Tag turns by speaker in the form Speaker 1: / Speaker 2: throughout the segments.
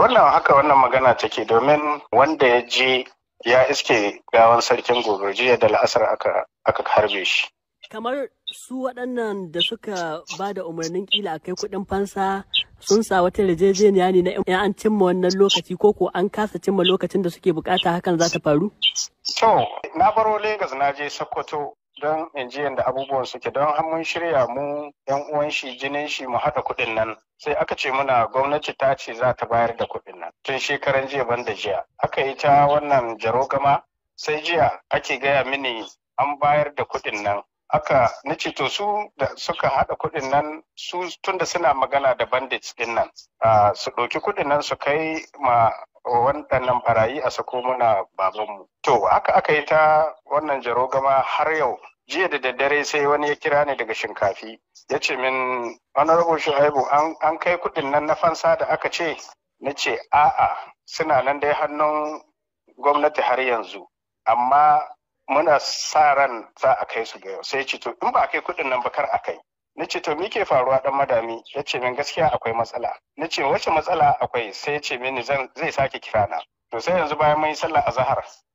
Speaker 1: wannan haka wannan magana take domin wanda ya je ya iske gawan sarkin gobe jiya da la'asar aka harbe shi
Speaker 2: kamar su waɗannan da suka ba da umarnin kila kai kuɗin fansa sun sa wata yarjejeniya ne na an cimma wannan lokaci ko ko an kasa cimma lokacin da suke bukata hakan za ta faru? To,
Speaker 1: na baro Legas na je Sokoto don in ji yadda abubuwan suke don har mun shirya mu yan uwan shi jinin shi mu haɗa kuɗin nan sai aka ce muna gwamnati ta ce za ta bayar da kuɗin nan tun shekaran jiya ban da jiya aka yi ta wannan jarogama sai jiya ake gaya mini an bayar da kuɗin nan aka na to su da suka haɗa kuɗin nan su tunda suna magana da bandits ɗin nan su ɗauki kuɗin nan su kai ma waɗannan barayi a sako muna babanmu. To haka aka yi ta wannan jarogama har yau jiya da daddare sai wani ya kira ni daga shinkafi ya ce min honorable shu'aibu an kai kudin nan na fansa da aka ce na ce a'a suna nan dai hannun gwamnati har yanzu amma muna sa ran za a kai su ga yau sai ce to in ba a kai kudin nan ba kar a kai na ce to ke faruwa dan madami ya ce min gaskiya akwai matsala na ce wace matsala akwai sai ya ce mini zai sake kira na to sai yanzu bayan mun yi sallah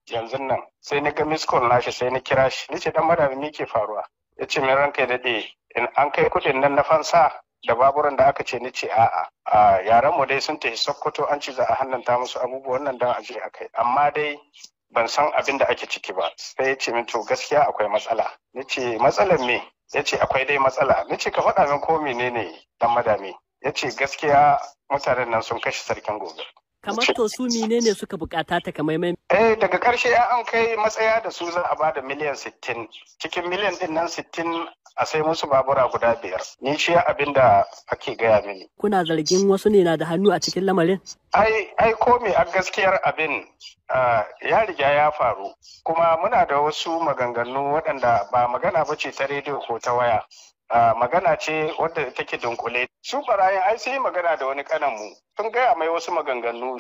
Speaker 1: yanzu nan sai na ga miskol nashi sai na kira shi nace dan madam me ke faruwa Ya ce min ranka ya daɗe in an kai kuɗin nan na fansa da baburan da aka ce nace a'a a yaran mu dai sun tafi Sokoto an ci za a hannanta musu abubuwan nan dan aje akai amma dai ban san abin da ake ciki ba sai ya ce min to gaskiya akwai matsala nace matsalar me Ya ce akwai dai matsala nace ka faɗa min ko menene dan madami ce gaskiya mutanen nan sun kashe sarkin
Speaker 2: gobe kamar to su menene suka bukata ta mai eh daga karshe an kai
Speaker 1: matsaya da su za a bada miliyan 60 cikin miliyan din nan 60 a sai musu babura guda biyar ni shi abin da ake gaya mini
Speaker 2: kuna zargin wasu ne na da hannu a cikin lamarin
Speaker 1: ai ai ko me a gaskiyar abin ya riga ya faru kuma muna da wasu maganganu waɗanda ba magana ba ce ta rediyo ko ta waya magana ce wadda take dunkule su barayin ai sai magana da wani mu sun gaya mai wasu maganganu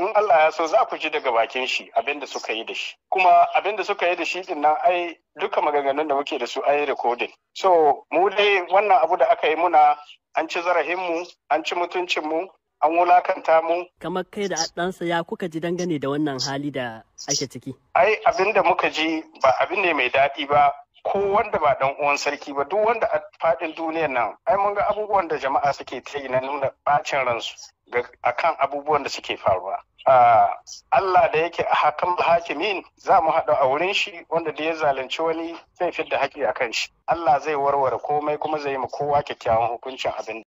Speaker 1: in Allah ya so za ku ji daga bakin shi abin da suka yi da shi kuma abin da suka yi da shi din nan ai duka maganganun da muke da su ai recording so mu dai wannan abu da aka yi muna an ci zarahin mu an ci mutuncin mu an wulakanta
Speaker 2: mu. Kamar kai da ɗansa ya kuka ji dangane da wannan hali da ake ciki?
Speaker 1: Ai abin muka ji ba abin ne mai daɗi ba ko wanda ba dan uwan sarki ba duk wanda a fadin duniyar nan ai mun ga abubuwan da jama'a suke ta yi na nuna bacin ransu akan abubuwan da suke faruwa Allah da yake a hakan hakimin za mu haɗu a wurin shi wanda da ya zalunci wani zai fidda haƙi a kan shi Allah zai warware komai kuma zai yi ma kowa kyakkyawan hukuncin abin